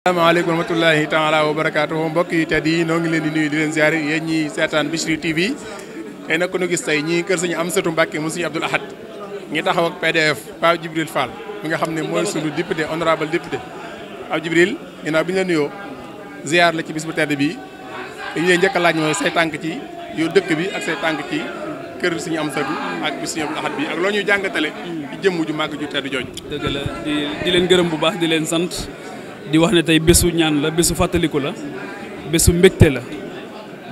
asalaamaaleykum rahmatullahi taala wa barakaatu mbokk yi tedd yi noo ngi leen di nuyu di leen ziare yéen ñi seetaan Bichri TV tey nag ku ñu gis tey ñii kër sëñ Amsatu Mbàkke mu sëñ Abdoul Ahad ngi taxaw ak pdf Pape Djibril Fall mi nga xam ne mooy sunu député honorable député Pape Djibril ginnaaw bi ñu la nuyoo ziar la ci bis bu tedd bi dañu leen njëkk laaj mooy say tànk ci yow dëkk bi ak say tànk ci kër sëñ Amsatu ak bis sëñ Abdoul Ahad bi ak loo ñuy jàngatale jëmm ju màgg ju tedd di leen gërëm bu baax di leen sant di wax ne tey bésu ñaan la bésu fàttaliku la bésu mbégte la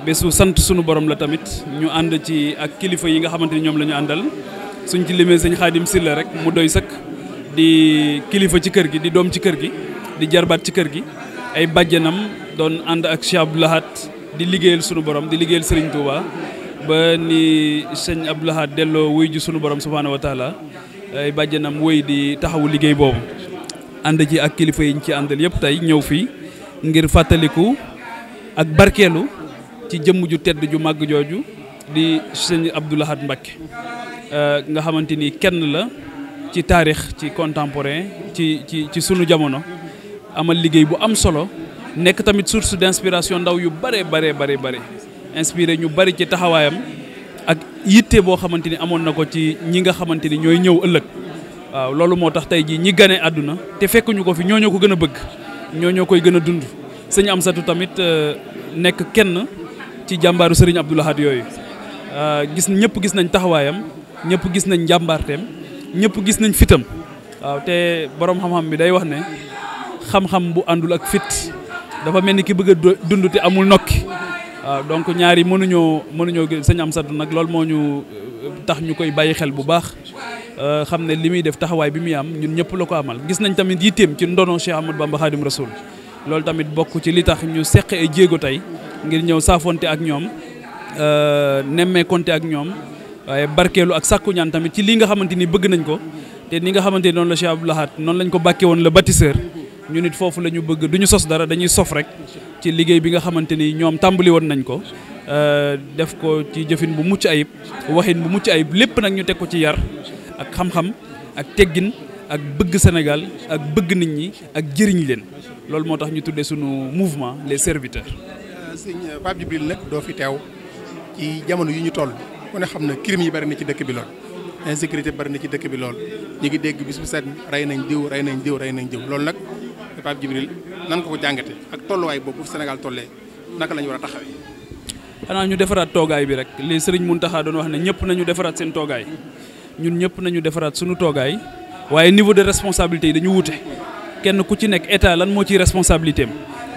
bésu sant sunu borom la tamit ñu ànd ci ak kilifa yi nga xamante ni ñoom lañu àndal suñ ci limee sëñ xaadim silla rek mu doy sëkk di kilifa ci kër gi di doom ci kër gi di jarbaat ci kër gi ay bàjjanam doon ànd ak Cheikh laxaat di liggéeyal sunu borom di liggéeyal Serigne Touba ba ni sëñ ab laxaat delloo wuy ji sunu borom subhaanahu wa ay bàjjanam woy di taxawu liggéey boobu ànd ji ak kilifa yi ñu ci àndal yëpp tey ñëw fii ngir fàttaliku ak barkeelu ci jëmm ju tedd ju màgg jooju di sëñ Abdou Lahad euh, nga xamante ni kenn la ci taarix ci contemporain ci ci ci sunu jamono amal liggéey bu am solo nekk tamit source d'inspiration ndaw yu bare bare bare bare inspiré ñu bari ci taxawaayam ak yitte boo xamante amoon na ko ci ñi nga xamante ñooy ñëw ëllëg waaw loolu moo tax tey jii ñi gane àdduna te fekkuñu ko fi ñoo ñoo ko gën a bëgg ñoo ñoo koy gën a dund sëñ Amsatu tamit euh, nekk kenn ci jàmbaaru sëriñ Abdou Lahad yooyu euh, gis ñëpp gis nañ taxawaayam ñëpp gis nañ njàmbaarteem ñëpp gis nañ fitam waaw te borom xam-xam bi day wax ne xam-xam bu àndul ak fit dafa mel ni ki bëgg a dund te amul nokki waaw donc ñaari mënuñoo mënuñoo sëñ Amsatu nag loolu moo ñu euh, tax ñu koy bàyyi xel bu baax Euh, xam ne li muy def taxawaay bi muy am ñun ñëpp la ko amal gis nañ tamit yitteem ci ndono Cheikh Ahmadou Bamba Khadim Rasoul loolu tamit bokk ci li tax ñu seq ay jéego tey ngir ñëw saafoonte ak ñoom euh, nemmeekonte ak ñoom waaye barkeelu ak sàkku ñaan tamit ci lii nga xamante ni bëgg nañ ko te ni nga xamante ni noonu la Cheikh Abdou Lahad noonu lañ ko bàkkee woon la bâtisseur ñu nit foofu la ñu bëgg duñu sos dara dañuy sof rek ci liggéey bi nga xamante ni ñoom tàmbali woon nañ ko euh, def ko ci jëfin bu mucc ayib waxin bu mucc ayib lépp nag ñu teg ko ci yar ak xam-xam ak teggin ak bëgg Sénégal ak bëgg nit ñi ak jëriñ leen loolu moo tax ñu tuddee sunu mouvement les serviteurs. Euh, sëñ euh, Pape Djibril nag doo fi teew ci jamono yi ñu toll ku ne xam na crime yi bari na ci dëkk bi lool insécurité bari na ci dëkk bi lool ñu ngi dégg bis bu set rey nañ diw rey nañ diw rey nañ diw loolu nag Pape Djibril nan ko ko jàngate ak tolluwaay boobu Sénégal tollee naka lañu war a taxawee. xanaa ñu defaraat toogaay bi rek li Serigne Mountakha doon wax ne ñëpp nañu defaraat seen toogaay. ñun ñëpp nañu defaraat suñu toogaay waaye niveau de responsabilité yi dañu wute kenn ku ci nekk état lan moo ciy responsabilité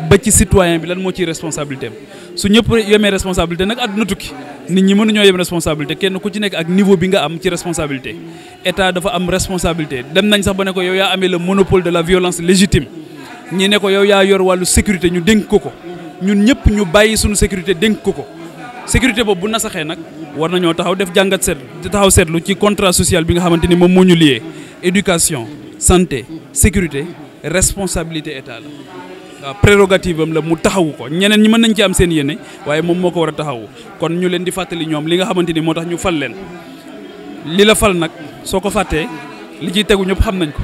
ba ci citoyen bi lan moo ciy responsabilité su ñëpp yemee responsabilité nag àdduna tukki nit ñi mënuñoo yem responsabilité kenn ku ci nekk ak niveau bi nga am ci responsabilité état dafa am responsabilité dem nañ sax ba nekko ko yow yaa amee le monopole de la violence légitime ñi ne ko yow yaa yor wàllu sécurité ñu dénk ko ko ñun ñëpp ñu bàyyi suñu sécurité dénk ko ko sécurité boobu bu nasaxee nag war nañoo taxaw def jàngat seet taxaw seetlu ci contrat social bi nga xamante ni moom moo ñu lié éducation santé sécurité responsabilité état la waaw prérogative la mu taxawu ko ñeneen ñi mën nañ ci am seen yéene waaye moom moo ko war a taxawu kon ñu leen di fàttali ñoom li nga xamante ni moo tax ñu fal leen li la fal nag soo ko fàttee li ciy tegu ñëpp xam nañ ko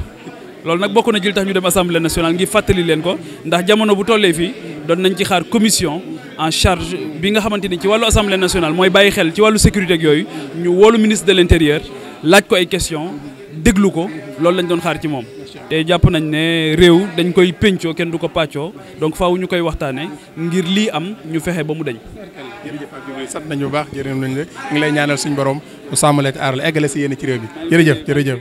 loolu nag bokk na jël tax ñu dem assemblée nationale ngir fàttali leen ko ndax jamono bu tollee fii doon nañ ci xaar commission en charge bi nga xamante ni ci wàllu assemblée nationale mooy bàyyi xel ci wàllu sécurité yooyu ñu woolu ministre de l' intérieur laaj ko ay question déglu ko loolu lañ doon xaar ci moom. te jàpp nañ ne réew dañ koy péncoo kenn du ko pàccoo donc faaw ñu koy waxtaane ngir lii am ñu fexe ba mu deñ jërëjëf Abdoulaye sant nañu bu baax jërëm ngi lay ñaanal suñu borom mu sàmmale te aar la si yéen ci réew bi jërëjëf jërëjëf.